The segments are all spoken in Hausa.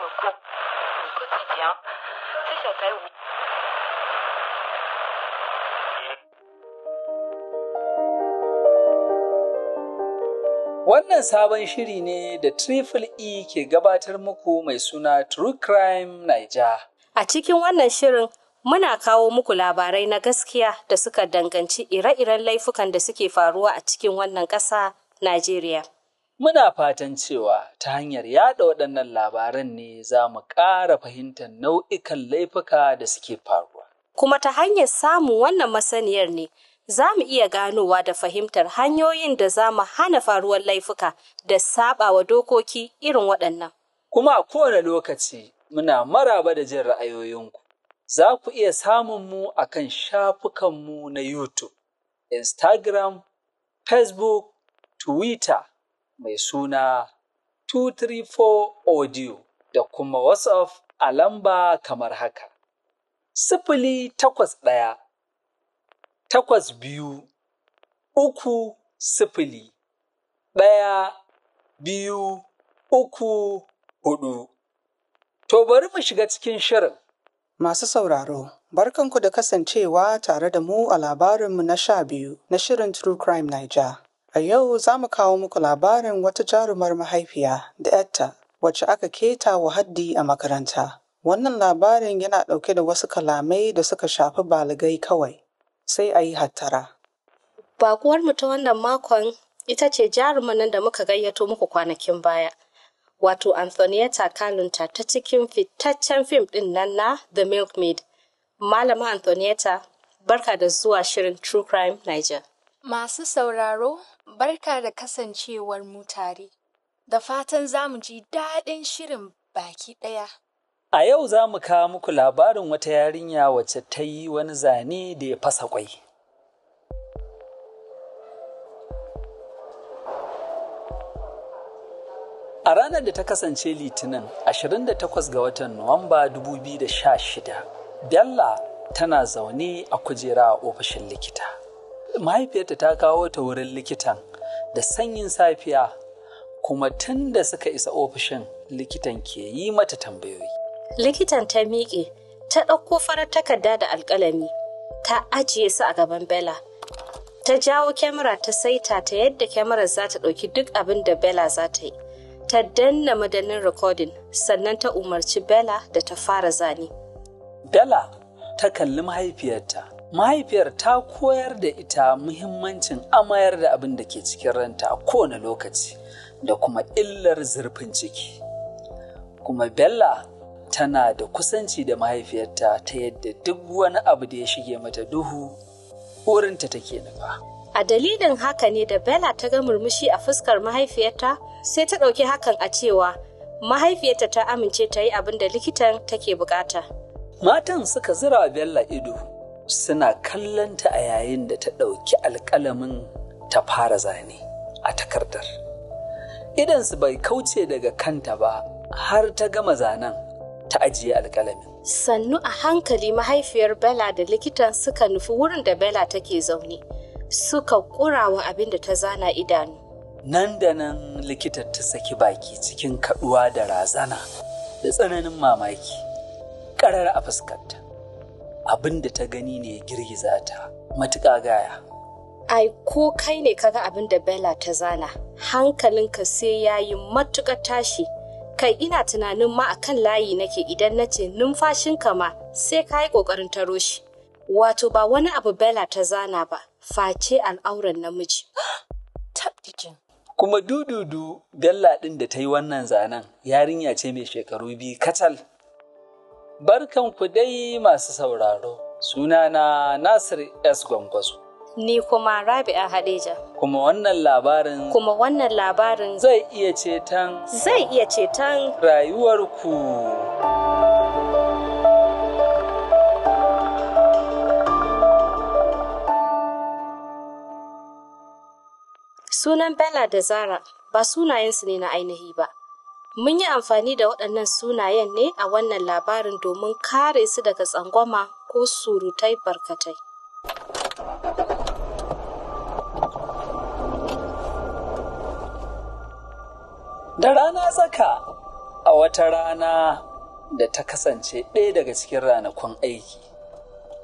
notre cours, au quotidien, c'est sur ta oui. Wannan sabon shiri ne da Triple E ke gabatar muku mai suna True Crime Naija. A cikin wannan shirin muna kawo muku labarai na gaskiya da suka danganci ire-iren laifukan da suke faruwa a cikin wannan ƙasa Najeriya. Muna fatan cewa ta hanyar yada waɗannan labaran ne za mu ƙara fahimtar nau'ikan laifuka da suke faruwa. Kuma ta hanyar samun wannan masaniyar ne za mu iya ganowa da fahimtar hanyoyin da za mu hana faruwar laifuka da saɓawa dokoki irin waɗannan. Kuma a kowane lokaci muna maraba da jin ra'ayoyinku. Za ku iya samun mu a kan shafukanmu na YouTube, Instagram, Facebook, Twitter. mai suna 234 audio da kuma WhatsApp a lamba kamar haka. Sifili takwas ɗaya, takwas biyu, uku sifili, ɗaya, biyu, uku, hudu. To bari mu shiga cikin shirin. Masu sauraro, barkanku da kasancewa tare da mu a labarinmu na sha biyu na shirin True Crime Niger. A yau za mu kawo muku labarin wata jarumar mahaifiya da ‘yarta wacce aka keta wa haddi a makaranta. Wannan labarin yana ɗauke da wasu kalamai da suka shafi baligai kawai, sai a yi hattara. mu ta wannan makon ita ce jaruman nan da muka gayyato muku kwanakin baya. Wato Anthonyetta Kalunta ta cikin fitaccen fim ɗin nan na The Milkmaid. Malama Anthonyetta, barka da zuwa shirin True Crime Niger. Masu sauraro, barka da kasancewar mu tare, da fatan za mu ji daɗin shirin baki ɗaya. A yau za mu kawo muku labarin wata yarinya wacce ta yi wani zane da ya fasa kwai. A ranar da ta kasance Litinin 28 ga watan Nuwamba 2016, Bella tana zaune a kujera a ofishin likita. mahaifiyarta ta kawo ta wurin likitan da sanyin safiya kuma tun da suka isa ofishin likitan ke yi mata tambayoyi. Likitan ta miƙe ta ɗauko farar takarda da alƙalami ta ajiye su a gaban Bella. Ta jawo kyamara ta saita ta yadda kyamarar za ta ɗauki duk abin da bela za ta yi. Ta danna madannin rikodin sannan ta umarci bela da ta fara zane. Bella ta kalli mahaifiyarta mahaifiyar ta koyar da ita muhimmancin amayar da abin da ke cikin ranta a kowane lokaci da kuma illar zurfin ciki kuma bella tana da kusanci da mahaifiyarta ta yadda duk wani abu da ya shige mata duhu wurinta take nufa a dalilin haka ne da bella ta ga murmushi a fuskar mahaifiyarta sai ta ɗauki hakan a cewa mahaifiyarta ta amince ta yi abin da likitan take bukata matan suka zira bella ido suna kallonta a yayin da ta ɗauki alƙalamin ta fara zane a takardar. Idansu bai kauce daga kanta ba har ta gama zanen ta ajiye alƙalamin. Sannu a hankali mahaifiyar Bella da likitan suka nufi wurin da Bella take zaune, suka ƙurawa abin da ta zana idanu. Nan da nan likitar ta saki baki cikin kaɗuwa da razana da tsananin mamaki, ƙarar a fuskanta. abin da ta gani ne ya girgiza ta matuƙa gaya. Ai, ko kai ne kaga abin da Bella ta zana, hankalinka sai ya yi matuƙar tashi. Kai ina tunanin ma akan layi nake idan na ce numfashinka ma sai ka yi ƙoƙarin taro shi. Wato ba wani abu Bella ta zana ba, face al'auran namiji. Tabdijin. Kuma dududu Bella ɗin da ta yi wannan zanen yarinya ce mai shekaru biyu kacal. Barkan ku dai masu sauraro, sunana Nasir S. Gwangwazo. Ni kuma Rabi'a Hadeja. Kuma wannan labarin. Kuma wannan labarin. Zai iya ceton. Zai iya ceton. Rayuwarku. Sunan Bella da Zara ba sunayensu ne na ainihi ba. Mun yi amfani da waɗannan sunayen ne a wannan labarin domin kare su daga tsangwama ko surutai barkatai. Da rana tsaka a wata rana da ta kasance ɗaya daga cikin ranakun aiki,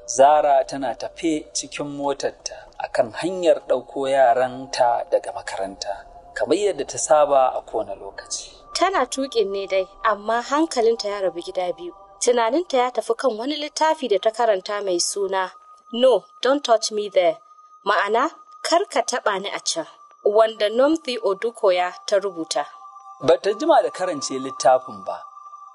Zara tana tafe cikin motarta a kan hanyar ɗauko yaranta daga makaranta, kamar yadda ta saba a kowane lokaci. Tana tuƙin ne dai, amma hankalinta ya rabu gida biyu. Tunaninta ya tafi kan wani littafi da ta karanta mai suna No, don't touch me there. Ma'ana, kar ka taɓa ni a can. Wanda Nomthi Odukoya ta rubuta. Ba ta jima da karance littafin ba,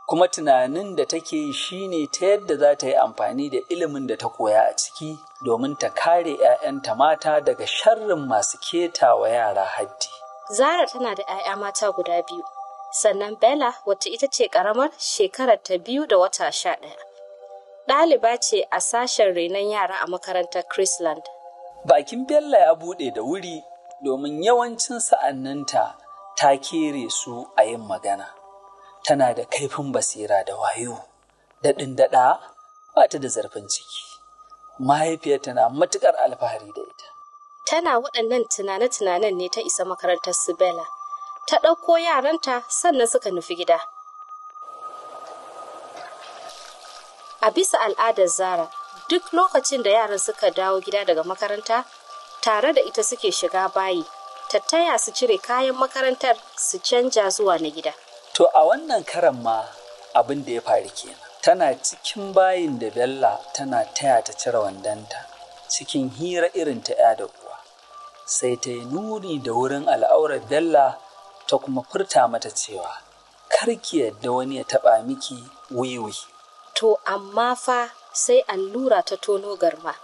kuma tunanin da take yi shine ta yadda za ta yi amfani da ilimin da ta koya a ciki domin ta kare 'ya'yanta mata daga sharrin masu keta wa yara haddi. Zara tana da 'ya'ya mata guda biyu, sannan Bella wacce ita ce karamar shekarar ta biyu da wata sha ɗaya. Ɗaliba ce a sashen renon yara a makarantar Chrisland. Bakin Bella ya buɗe da wuri domin yawancin sa'anninta ta kere su a yin magana. Tana da kaifin basira da wayo, daɗin daɗa bata da zarfin ciki. Mahaifiyarta na matuƙar alfahari da ita. Tana waɗannan tunane-tunanen ne ta isa makarantar su Bella. ta ɗauko yaranta sannan suka nufi gida. A bisa al'adar Zara, duk lokacin da yaran suka dawo gida daga makaranta, tare da ita suke shiga bayi, ta taya su cire kayan makarantar su canja zuwa na gida. To a wannan karan ma abin da ya faru kenan. Tana cikin bayin da Bella tana taya ta cire wandanta cikin hira irin ta 'ya da kuwa. Sai ta yi nuni da wurin al'aurar Bella ta kuma furta mata cewa karki yadda wani ya taɓa miki wiwi. To amma fa sai allura ta tono garma.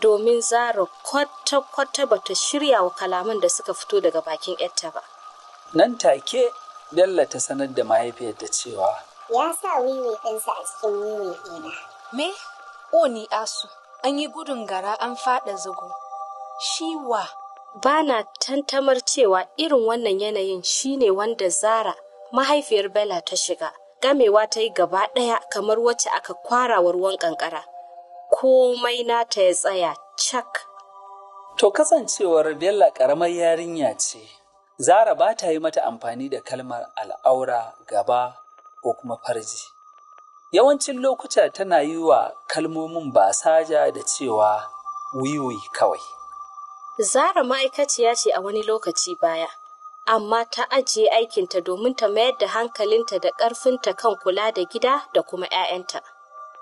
Domin zara kwata-kwata ba ta shirya wa kalaman da suka fito daga bakin ‘yarta ba. Nan take Bello ta sanar da mahaifiyarta cewa. Ya sa wiwi ɗinsa a cikin wiwi ɗina. Me? ni, asu, an yi gudun gara an faɗa zago. Shi wa Ba na tantamar cewa irin wannan yanayin shine wanda Zara, mahaifiyar Bella ta shiga. Gamewa ta yi gaba ɗaya kamar wacce aka kwarawar ruwan ƙanƙara. Komai nata ya tsaya cak. To kasancewar Bella ƙaramar yarinya ce, Zara ba ta yi mata amfani da kalmar al'aura gaba ko kuma farji. Yawancin lokuta tana yi wa kalmomin basaja da cewa wiwi kawai. Zara ma'aikaciya ce a wani lokaci baya, amma ta ajiye aikinta domin ta mayar da hankalinta da ƙarfinta kan kula da gida da kuma 'ya'yanta.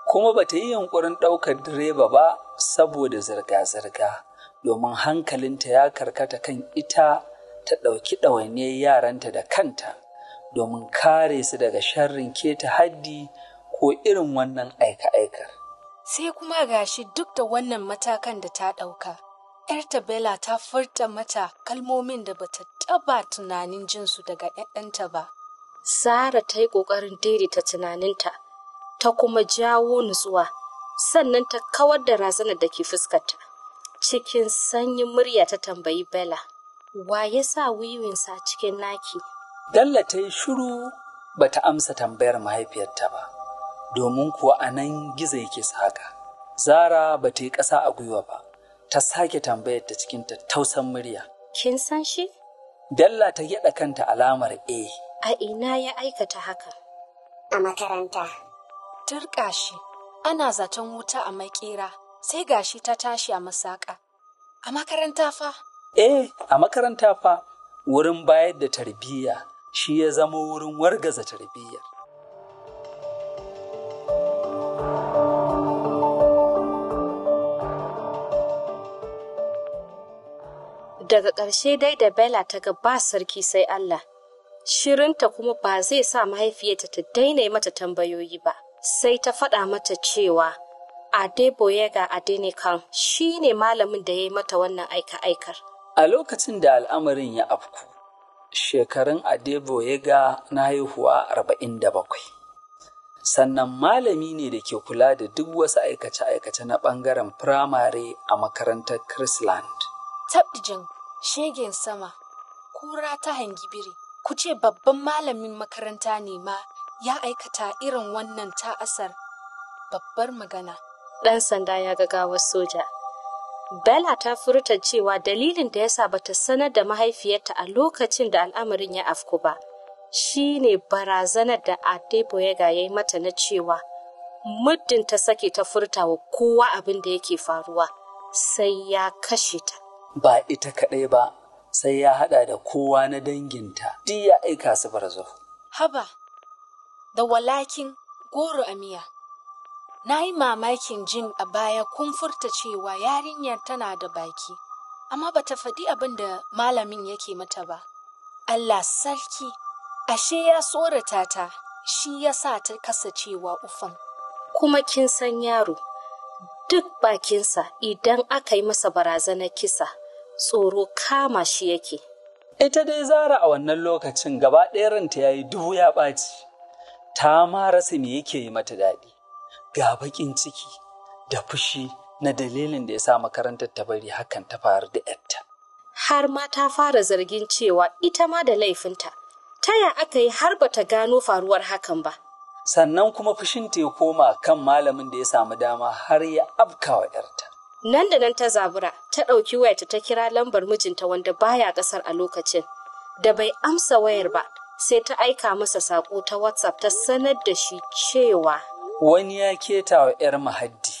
Kuma ba ta yi yunƙurin ɗaukar direba ba saboda zirga-zirga, domin hankalinta ya karkata kan ita ta ɗauki ɗawainiyar yaranta da kanta domin kare su daga sharrin keta haddi ko irin wannan aika-aikar. Sai kuma gashi duk da wannan matakan da ta ɗauka. ‘yarta Bella ta furta mata kalmomin da bata taba tunanin jinsu daga ‘ya'yanta ba. Sara ta yi ƙoƙarin daidaita tunaninta, ta kuma jawo nutsuwa, sannan ta kawar da razanar da ke fuskarta. Cikin sanyin murya ta tambayi Bella, wa ya sa wiwinsa cikin naki? Dalla ta yi shiru bata amsa tambayar mahaifiyarta ba, domin kuwa a nan gizo yake saka. Zara bata yi ƙasa a gwiwa ba, ta sake tambayar ta cikin tattausan murya. Kin san shi? Dalla ta gyaɗa kanta alamar A. A ina ya aikata haka? A makaranta. Turƙa shi, ana zaton wuta a makera, sai gashi ta tashi a masaka. A makaranta fa? Eh, a makaranta fa, wurin bayar da tarbiyya shi ya zama wurin wargaza tarbiyyar. Daga ƙarshe dai da bela ta ga ba sarki sai Allah. Shirinta kuma ba zai sa mahaifiyarta ta daina mata tambayoyi ba, sai ta faɗa mata cewa Adeboyega adenikan shi ne malamin da ya yi mata wannan aika-aikar. A lokacin da al'amarin ya afku, shekarun Adeboyega na haihuwa arba'in da bakwai. Sannan malami ne da ke kula da duk wasu aikace-aikace na ɓangaren firamare a makarantar Chrisland. Tabdijin shegen sama kura ta hangi biri ku ce babban malamin makaranta ne ma ya aikata irin wannan ta'asar babbar magana ɗan sanda ya ga gawar soja Bella ta furta cewa dalilin da ya yasa bata sanar da mahaifiyarta a lokacin da al'amarin ya afku ba shine barazanar da adebo ya yi mata na cewa muddin ta sake ta furta wa kowa abin da yake faruwa sai ya kashe ta. ba ita kaɗai ba sai ya haɗa da kowa na danginta duk ya aika su Haba, da walakin goro a miya. Na yi mamakin jin a baya kun furta cewa yarinyar tana da baki, amma ba ta faɗi abin da malamin yake mata ba. Allah sarki, ashe ya tsorata ta, shi ya sa ta kasa cewa ufan. Kuma kin san yaro, duk bakinsa idan aka yi masa barazanar kisa tsoro kama shi yake. Ita dai zara a wannan lokacin gaba ɗaya ranta ya yi dubu ya ɓaci, ta ma rasa me yake yi mata daɗi, ga baƙin ciki da fushi na dalilin da ya sa makarantar ta bari hakan ta faru da ‘yarta. Har ma ta fara zargin cewa ita ma da laifinta, ta ya aka yi har bata gano faruwar hakan ba. sannan kuma fushinta ya koma kan malamin da ya samu dama har ya afkawa ‘yarta. Nan da nan ta zabura, ta ɗauki wayarta ta kira lambar mijinta wanda baya ƙasar a lokacin. Da bai amsa wayar ba, sai ta aika masa saƙo ta WhatsApp ta sanar da shi cewa. Wani ya keta wa ‘yar mahaddi.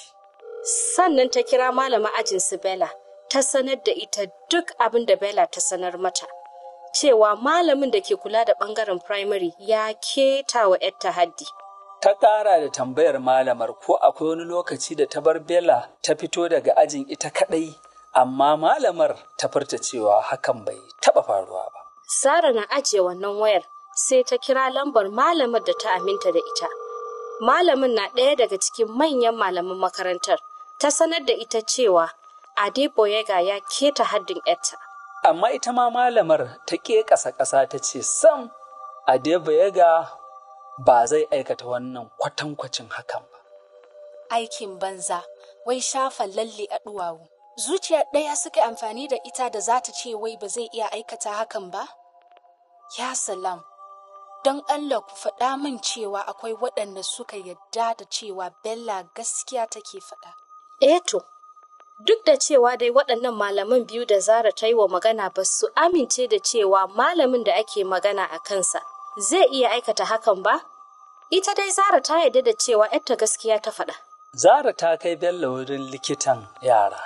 Sannan ta kira malama ajinsu Bella, ta sanar da ita duk abin da Bella ta sanar mata. cewa malamin da ke kula da bangaren primary ya keta wa ta haddi. Ta ƙara da tambayar malamar ko akwai wani lokaci da ta bar Bela ta fito daga ajin ita kaɗai, amma malamar ta furta cewa hakan bai taɓa faruwa ba. Sara na ajiye wannan wayar sai ta kira lambar malamar da ta aminta da ita. Malamin na ɗaya daga cikin manyan malaman makarantar, ta sanar da ita cewa Adeboyega ya keta haddin 'yarta. amma ita ma malamar ta ke ƙasa-ƙasa ta ce sam Adebayaga ba zai aikata wannan kwatankwacin hakan ba. Aikin banza, wai shafa lalle a duwawu. Zuciya ɗaya suka amfani da ita da za ta ce wai ba zai iya aikata hakan ba? Ya salam, don Allah ku faɗa min cewa akwai waɗanda suka yadda da cewa Bella gaskiya take faɗa. Eto, eh Duk da cewa dai waɗannan malaman biyu da Zara ta yi wa magana ba su amince da cewa malamin da ake magana a kansa zai iya aikata hakan ba? Ita dai Zara ta yarda da cewa ‘yarta gaskiya ta faɗa. Zara ta kai Bello wurin likitan yara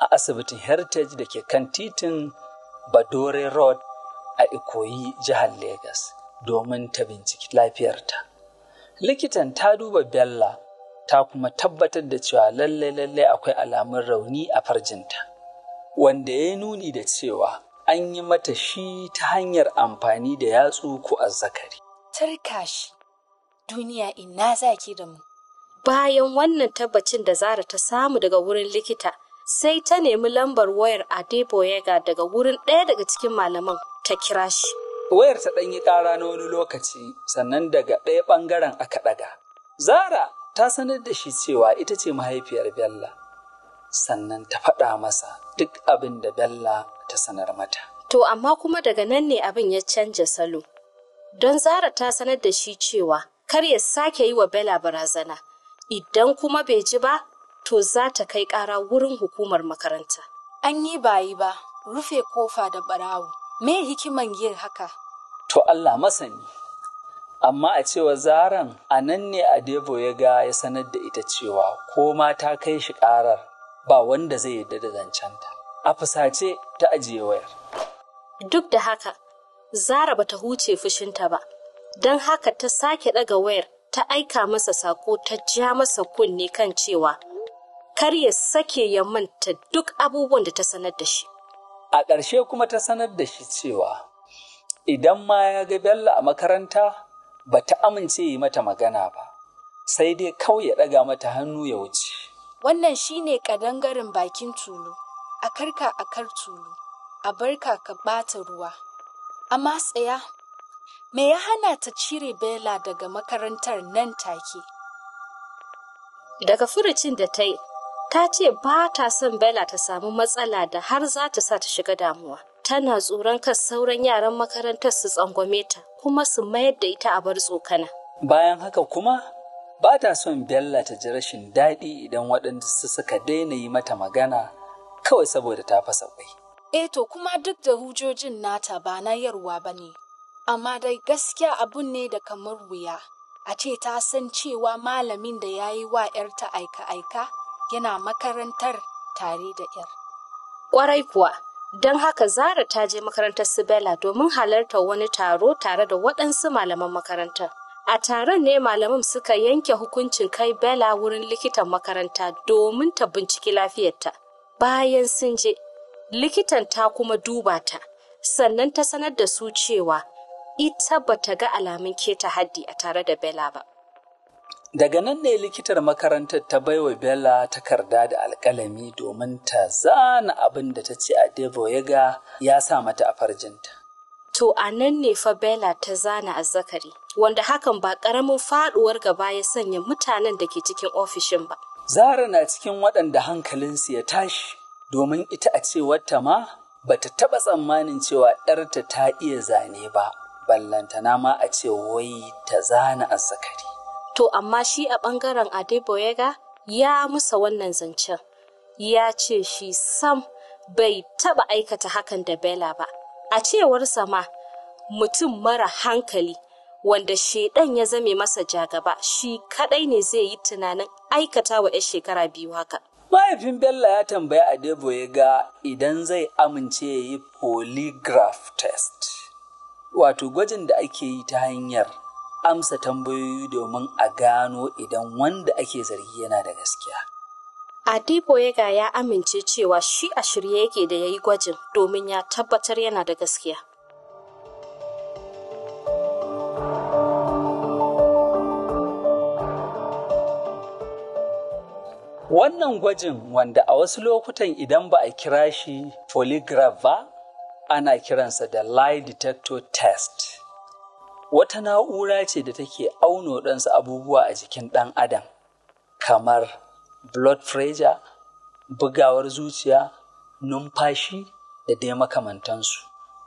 a asibitin Heritage da ke kan titin Badore Road a Ikoyi, jihar Legas, domin ta binciki lafiyarta. Likitan ta duba Bella ta kuma tabbatar da cewa lallai-lallai akwai alamun rauni a farjinta, wanda ya nuni da cewa an yi mata shi ta hanyar amfani da yatsu ko azzakari. Tarka shi, duniya ina zaki da mu. Bayan wannan tabbacin da Zara ta samu daga wurin likita, sai ta nemi lambar wayar Adeboyega daga wurin ɗaya daga cikin malaman ta kira shi. Wayar ta ɗan yi ƙara na wani lokaci, sannan daga ɗaya ɓangaren aka ɗaga. Zara ta sanar da shi cewa ita ce mahaifiyar Bella, sannan ta faɗa masa duk abin da Bella ta sanar mata. To, amma kuma daga nan ne abin ya canja salo, don Zara ta sanar da shi cewa kar ya sake yi wa Bella barazana, idan kuma bai ji ba, to za ta kai ƙara wurin hukumar makaranta. An yi bayi ba, rufe kofa da barawo, me hikiman yin haka? To Allah masani. amma a cewa zaran a nan ne a Adebo ya ga ya sanar da ita cewa ko ma ta kai shi ƙarar ba wanda zai yarda da zancenta. A fusace ta ajiye wayar. Duk da haka, Zara ta huce fushinta ba, don haka ta sake ɗaga wayar ta aika masa sako ta ja masa kunne kan cewa kar ya sake ya manta duk abubuwan da ta sanar da shi. A ƙarshe kuma ta sanar da shi cewa idan ma ya ga Bello a makaranta ba ta amince yi mata magana ba, sai dai kawai ya ɗaga mata hannu ya wuce. Wannan shi ne ƙadangaren bakin tulu, a karka a kar tulu, a barka ka ɓata ruwa. Amma tsaya, me ya hana ta cire Bela daga makarantar nan take? Daga furucin da ta yi, ta ce ba ta son Bella ta samu matsala da har za ta sa ta shiga damuwa. tana tsoron ka sauran yaran makarantar su tsangwame ta kuma su mayar da ita a bar tsokana. Bayan haka kuma ba ta son Bella ta ji rashin daɗi idan waɗanda su suka daina yi mata magana kawai saboda ta fasa kwai. E eh to kuma duk da hujojin nata ba na yarwa ba ne, amma dai gaskiya abun ne da kamar wuya. A ce ta san cewa malamin da ya yi wa ‘yarta aika-aika yana makarantar tare da ‘yar. Ƙwarai kuwa. Don haka Zara ta je makarantar su Bella domin halartar wani taro tare da waɗansu malaman makaranta A taron ne malaman suka yanke hukuncin kai bela wurin likitan makaranta domin ta binciki lafiyarta. Bayan sun je, likitan ta kuma duba ta, sannan ta sanar da su cewa ita bata ga alamun keta haddi a tare da bela ba. Daga nan ne likitar makarantar ta baiwa Bella takarda da alƙalami domin ta zana abin da ta ce a Devo ya ga ya sa mata a farjinta. To a nan ne fa Bella ta zana a Zakari, wanda hakan ba ƙaramin faɗuwar gaba ya sanya mutanen da ke cikin ofishin ba. Zara na cikin waɗanda hankalinsu ya tashi, domin ita a cewarta ma ba ta taɓa tsammanin cewa ɗarta ta iya zane ba, ballantana ma a ce wai ta zana a Zakari. To amma shi a ɓangaren Adeboyega ya musa wannan zancen. Ya ce shi sam bai taɓa aikata hakan da Bella ba. A cewarsa ma mutum mara hankali wanda shaidan ya zame masa jagaba shi kaɗai ne zai yi tunanin aikata wa 'yan shekara biyu haka. Mahaifin Bella ya tambaya Adeboyega idan zai amince ya yi polygraph test, wato gwajin da ake yi ta hanyar amsa tambayoyi domin a gano idan wanda ake zargi yana da gaskiya. Adibo ga ya amince cewa shi a shirye yake da ya yi gwajin domin ya tabbatar yana da gaskiya. Wannan gwajin wanda a wasu lokutan idan ba a kira shi polygraph ba, ana kiransa da lie detector test. wata na'ura ce da take auno ɗansu abubuwa a jikin ɗan adam kamar blood pressure bugawar zuciya numfashi da dai makamantansu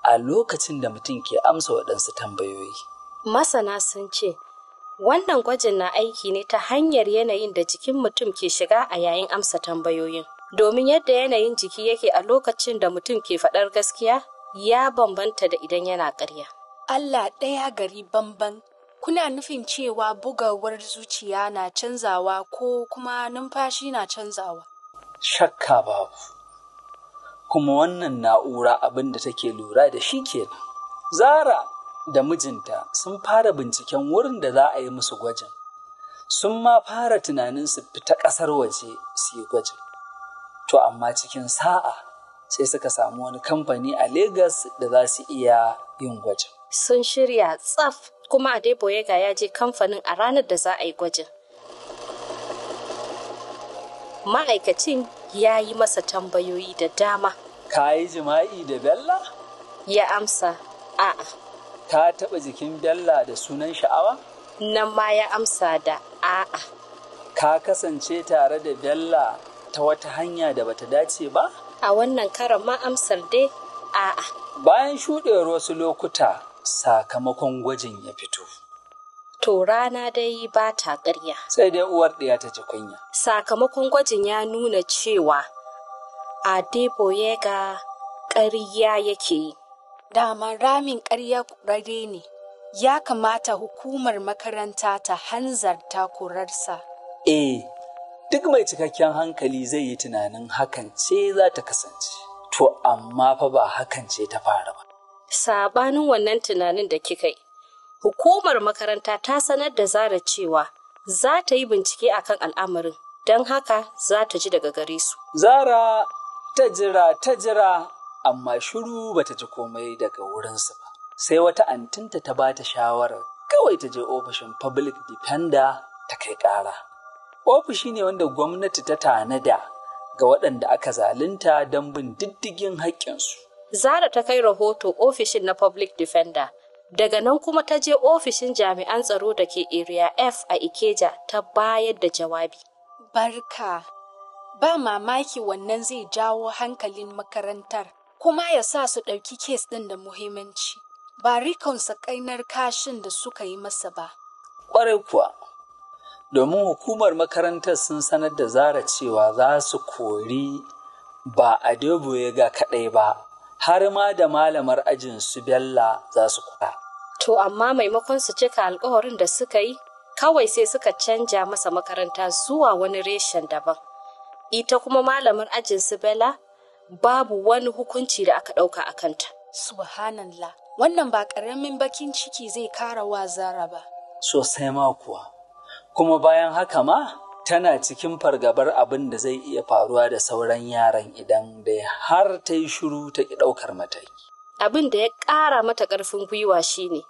a lokacin da mutum ke amsa waɗansu tambayoyi masana sun ce wannan gwajin na aiki ne ta hanyar yanayin da jikin mutum ke shiga a yayin amsa tambayoyin domin yadda yanayin jiki yake a lokacin da mutum ke faɗar gaskiya ya bambanta da idan yana ƙarya. Allah ɗaya gari bamban kuna nufin cewa bugawar zuciya na canzawa ko kuma numfashi na canzawa? Shakka babu, kuma wannan na'ura abin da take lura da shi kenan. Zara da mijinta sun fara binciken wurin da za a yi musu gwajin, sun ma fara tunanin su fita ƙasar waje su yi gwajin. To amma cikin sa'a sai suka samu wani kamfani a Legas da za su iya yin gwajin. sun shirya tsaf kuma Adeboyega ya je kamfanin a ranar da za a yi gwajin. Ma'aikacin ya yi masa tambayoyi da dama. Ka yi jima'i da Bella? Ya amsa, a'a. Ka taba jikin Bella da sunan sha'awa? Nan ma ya amsa da a'a. Ka kasance tare da Bella ta wata hanya da bata dace ba? A wannan karan ma amsar dai a'a. Bayan shuɗewar wasu lokuta, sakamakon gwajin ya fito. To rana dai ba ta ƙarya. Sai dai uwar ɗaya ta ci kunya. Sakamakon gwajin ya nuna cewa ya ga ƙarya yake yi. Dama ramin ƙarya rare ne, ya kamata hukumar makaranta ta hanzarta kurarsa. Eh, duk mai cikakken hankali zai yi tunanin hakan ce za ta kasance, to amma fa ba hakan ce ta fara ba. sabanin wannan tunanin da kika yi. Hukumar makaranta ta sanar da Zara cewa za ta yi bincike akan al'amarin, don haka za ta ji daga gare su. Zara ta jira ta jira, amma shiru bata ji komai daga wurinsu ba. Sai wata antinta ta ba ta shawarar kawai ta je ofishin public defender ta kai ƙara. Ofishi ne wanda gwamnati ta tanada ga waɗanda aka zalunta don bin diddigin haƙƙinsu. Zara ta kai rahoto ofishin na Public Defender. Daga nan kuma ta je ofishin jami'an tsaro da ke Area F a Ikeja ta bayar da jawabi. Barka, ba mamaki wannan zai jawo hankalin makarantar, kuma ya sa su ɗauki kes ɗin da muhimmanci. Ba rikonsa kainar kashin da suka yi masa ba. Ƙwarai kuwa, domin hukumar makarantar sun sanar da Zara cewa za su kori ba a ga kaɗai ba. har ma da malamar ajin su Bella za su kula. To amma maimakon su cika alkawarin da suka yi, kawai sai suka canja masa makaranta zuwa wani reshen daban. Ita kuma malamar ajin su Bella babu wani hukunci da aka ɗauka a kanta. Subhanallah, wannan ba ƙaramin bakin ciki zai kara wa zara ba. Sosai ma kuwa, kuma bayan haka ma tana cikin fargabar abin da zai iya faruwa da sauran yaran idan dai har ta yi shiru ta ki ɗaukar mataki. Abin da ya ƙara mata ƙarfin gwiwa shine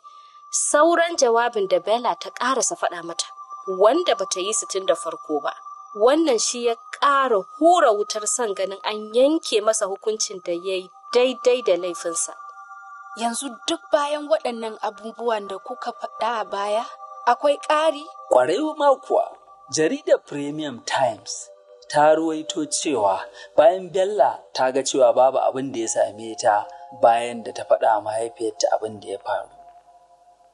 sauran jawabin da Bella ta ƙarasa faɗa mata, wanda bata yi su tun da farko ba. Wannan shi ya ƙara hura wutar son ganin an yanke masa hukuncin da ya yi daidai da laifinsa. Yanzu duk bayan waɗannan abubuwan da kuka faɗa a baya, akwai ƙari? Ƙwarai ma kuwa. jaridar premium times ta ruwaito cewa bayan bella ta ga cewa babu abin da ya same ta bayan da ta faɗa mahaifiyarta abin da ya faru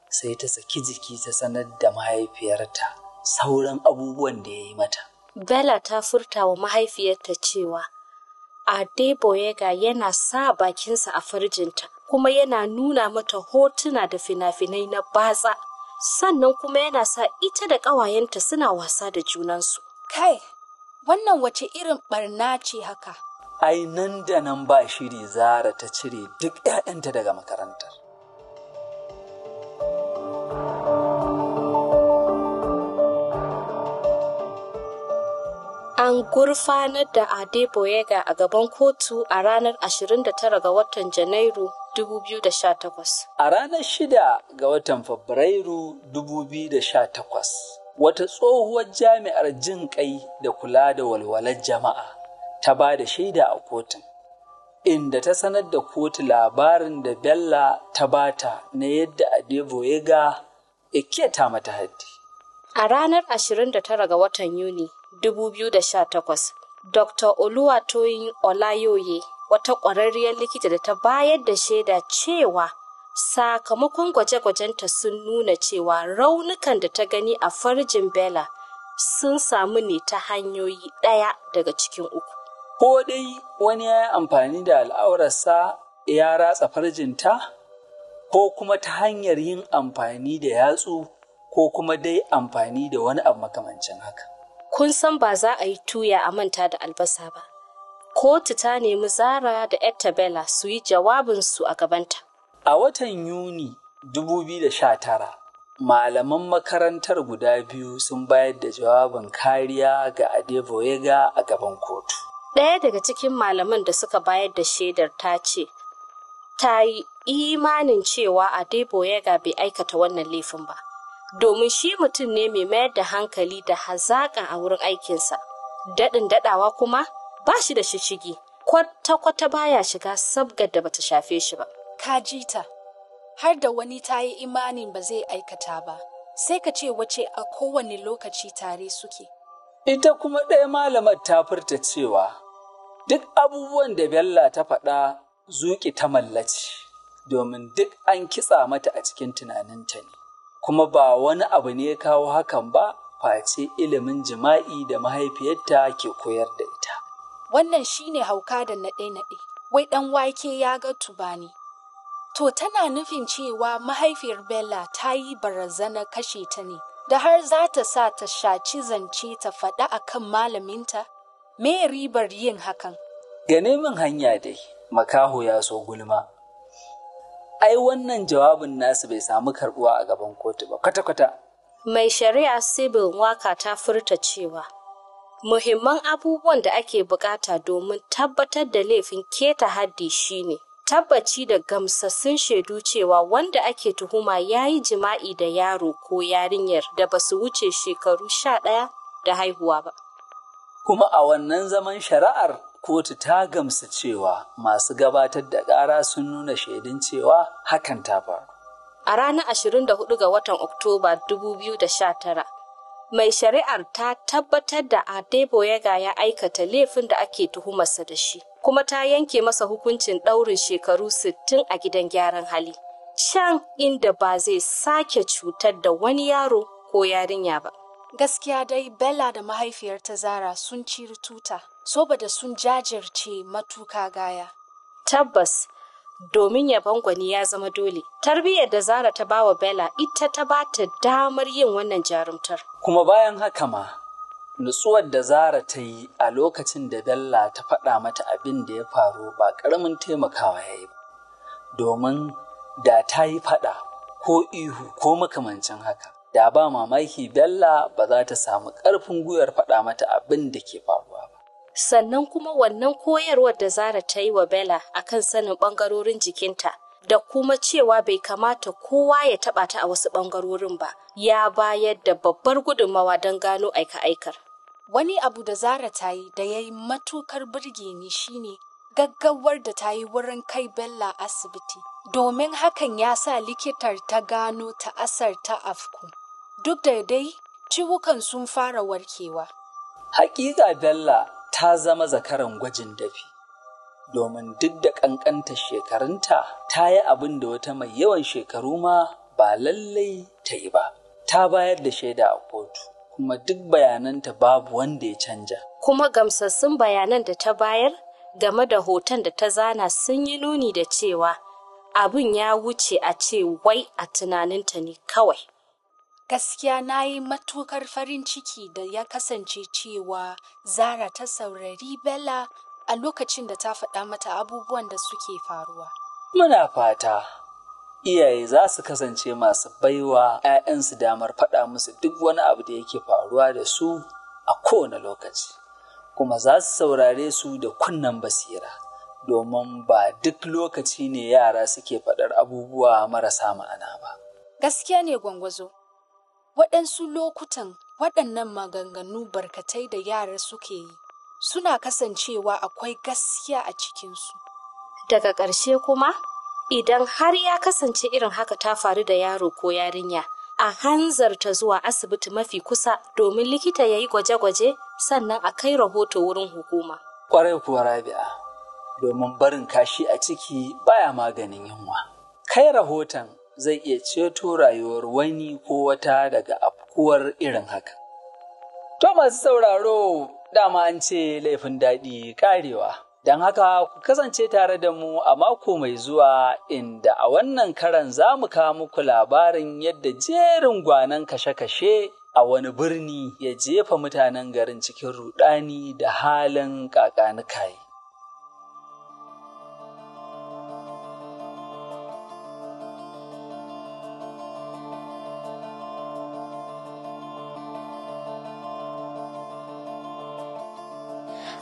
sai ta saki jiki ta sanar da mahaifiyarta sauran abubuwan da ya yi mata bella ta furta wa mahaifiyarta cewa adeboyega yana sa bakinsa a farjinta kuma yana nuna mata hotuna da fina-finai na batsa sannan kuma yana sa ita da ƙawayenta suna wasa da junansu. Kai, wannan wace irin ɓarna ce haka? Ai nan da nan ba shiri zara ta cire duk 'ya'yanta daga makarantar. An gurfanar da Adeboyega a gaban kotu a ranar 29 ga watan Janairu 2018. A ranar shida ga watan Fabrairu 2018, wata tsohuwar jami'ar jin kai da kula da walwalar jama'a ta ba da shaida a kotun, inda ta sanar da kotu labarin da Bella ta bata na yadda Adeboyega ya ga ta mata haddi. A ranar 29 ga watan Yuni 2018, Dr. Oluwatoyin Olayoye wata ƙwararriyar likita da ta bayar da shaida cewa sakamakon gwaje-gwajenta sun nuna cewa raunukan da ta gani a farjin bella sun samu ne ta hanyoyi ɗaya daga cikin uku. Ko dai wani ya yi amfani da al'aurarsa ya ratsa farjinta, ko kuma ta hanyar yin amfani da yatsu ko kuma dai amfani da wani abu makamancin haka. Kun san ba za a yi tuya a manta da albasa ba. kotu ta nemi zara da Bella su yi jawabinsu a gabanta a watan yuni 2019 malaman makarantar guda biyu sun bayar da jawabin kariya ga adeboyega a gaban kotu ɗaya daga cikin malaman da suka bayar da shaidar ta ce ta yi imanin cewa adeboyega bai aikata wannan laifin ba domin shi mutum ne mai mayar da hankali da hazaƙa a wurin aikinsa daɗin daɗawa kuma ba shi da shishigi kwata-kwata baya shiga sabgar da bata shafe shi ba. Ka ji ta, har da wani ta yi imanin ba zai aikata ba, sai ka ce wace a kowane lokaci tare suke. Ita kuma ɗaya malamar ta furta cewa, duk abubuwan da Bella ta faɗa zuƙi ta mallaci, domin duk an kitsa mata a cikin tunaninta ne, kuma ba wani abu ne ya kawo hakan ba, face ilimin jima'i da mahaifiyarta ke koyar da ita. wannan shine hauka da naɗe-naɗe, wai ɗan wake ya ga tubani. To tana nufin cewa mahaifiyar Bella ta yi barazana kashe ta ne, da har za ta sa ta shaci zance ta faɗa a kan malaminta? Me ribar yin hakan? Gane min hanya dai, makaho ya so gulma. Ai wannan jawabin nasu bai samu karɓuwa a gaban kotu ba, kwata-kwata. Mai shari'a Sibyl waka ta furta cewa. Muhimman abubuwan da ake bukata domin tabbatar da laifin keta haddi shine tabbaci da gamsassun shaidu cewa wanda ake tuhuma ya yi jima'i da yaro ko yarinyar da ba su wuce shekaru sha ɗaya da haihuwa ba. Kuma a wannan zaman shari'ar kotu ta gamsu cewa masu gabatar da ƙara sun nuna shaidun cewa hakan ta faru. A ranar 24 ga watan Oktoba 2019, mai shari'ar ta tabbatar da Adeboyega ya aikata laifin da ake tuhumarsa da shi, kuma ta yanke masa hukuncin ɗaurin shekaru sittin a gidan gyaran hali. Can inda ba zai sake cutar da wani yaro ko yarinya ba. Gaskiya dai Bella da mahaifiyarta Zara sun ciri tuta, saboda sun jajirce matuka gaya. Tabbas, domin yabon gwani ya zama dole. Tarbiyyar da Zara ta bawa Bella ita ta ba ta damar yin wannan jarumtar. Kuma bayan haka ma, nutsuwar da Zara ta yi a lokacin da Bella ta faɗa mata abin da ya faru ba ƙaramin taimakawa ya yi ba. Domin da ta yi faɗa ko ihu ko makamancin haka, da ba mamaki Bella ba za ta samu ƙarfin gwiwar faɗa mata abin da ke faru. sannan kuma wannan koyarwar da zara ta yi wa bella a kan sanin ɓangarorin jikinta da kuma cewa bai kamata kowa ya taɓa ta a wasu ɓangarorin ba ya bayar da babbar gudunmawa don gano aika-aikar wani abu da zara ta yi da ya yi matukar birge ni shine gaggawar da ta yi wurin kai bella asibiti domin hakan ya sa likitar ta gano ta'asar ta afku duk da dai ciwukan sun fara warkewa hakika bella ta zama zakaran gwajin dafi domin duk da ƙanƙanta shekarunta ta yi abin da wata mai yawan shekaru ma ba lallai ta yi ba ta bayar da shaida a kotu kuma duk bayananta babu wanda ya canja kuma gamsassun bayanan da ta bayar game da hoton da ta zana sun yi nuni da cewa abin ya wuce a ce wai a tunaninta ne kawai Gaskiya na yi matukar farin ciki da ya kasance cewa Zara ta saurari Bella a lokacin da ta faɗa mata abubuwan da suke faruwa. Muna fata, iyaye za su kasance masu baiwa ‘ya'yansu damar faɗa musu duk wani abu da yake faruwa da su a kowane lokaci, kuma za su saurare su da kunnen basira, domin ba duk lokaci ne yara suke faɗar abubuwa marasa ma'ana ba. Gaskiya ne gwangwazo. Waɗansu lokutan waɗannan maganganu barkatai da yara suke yi suna kasancewa akwai gaskiya a cikinsu. Daga ƙarshe kuma, idan har ya kasance irin haka ta faru da yaro ko yarinya, a hanzarta zuwa asibiti mafi kusa domin likita ya yi gwaje-gwaje sannan a kai rahoto wurin hukuma. Ƙwarai kuwa Rabi'a, domin barin kashi a ciki baya maganin yunwa. Kai rahoton zai iya ceto rayuwar wani ko wata daga afkuwar irin haka. To masu sauraro dama an ce laifin daɗi karewa. don haka ku kasance tare da mu a mako mai zuwa inda a wannan karan za mu kawo muku labarin yadda jerin gwanan kashe-kashe a wani birni ya jefa mutanen garin cikin rudani da halin kakanikai.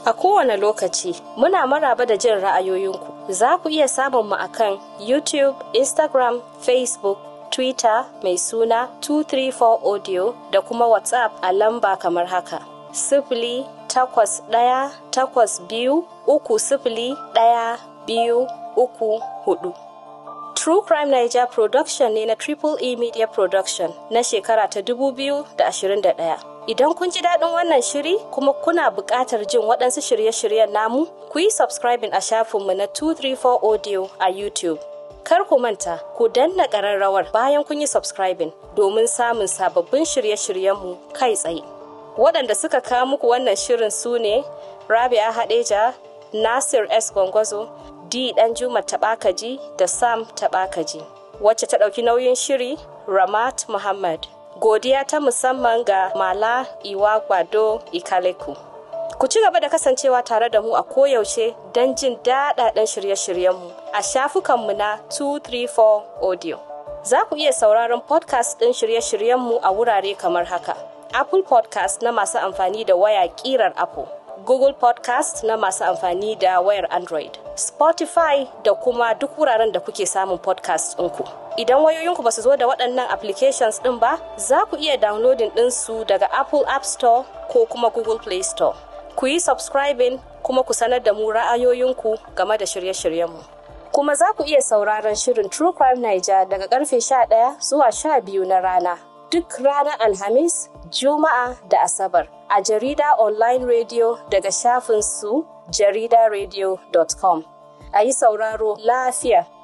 A kowane lokaci muna maraba da jin ra'ayoyinku. Za ku iya samun mu akan YouTube, Instagram, Facebook, Twitter mai suna 234 Audio da kuma WhatsApp a lamba kamar haka. Sifili takwas ɗaya takwas biyu uku sifili ɗaya biyu uku hudu. True Crime Niger Production ne na Triple E Media Production na shekara ta 2021. Idan kun ji daɗin wannan shiri kuma kuna buƙatar jin waɗansu shirye-shiryen namu, ku yi subscribing a shafinmu na 234 Audio a YouTube. Kar ku manta, ku danna ƙararrawar bayan kun yi subscribing domin samun sababbin shirye-shiryenmu kai tsaye. Waɗanda suka kawo muku wannan shirin su ne Rabia Hadeja, Nasir S. Gwangwazo, D. Danjuma Taɓakaji da Sam Taɓakaji. Wacce ta ɗauki nauyin shiri Ramat Muhammad. godiya ta musamman ga mala iwagbado ikaleku ku ci gaba da kasancewa tare da mu a koyaushe don jin daɗaɗen shirye-shiryenmu a shafukanmu na 234 audio za ku iya sauraron podcast ɗin shirye-shiryenmu a wurare kamar haka apple podcast na masu amfani da waya ƙirar apple Google Podcast na masu amfani da wayar Android, Spotify da kuma duk wuraren da kuke samun podcast ɗinku. Idan wayoyinku ba su zo da waɗannan applications ɗin ba, za ku iya downloading ɗinsu daga Apple App Store ko kuma Google Play Store. Ku yi subscribing kuma ku sanar da mu ra'ayoyinku game da shirye-shiryenmu. kuma za ku iya sauraron shirin True Crime Niger daga karfe 11 zuwa 12 na rana duk ranar Alhamis, Juma'a da Asabar a Jarida Online Radio daga shafin su jaridaradio.com. A yi sauraro lafiya.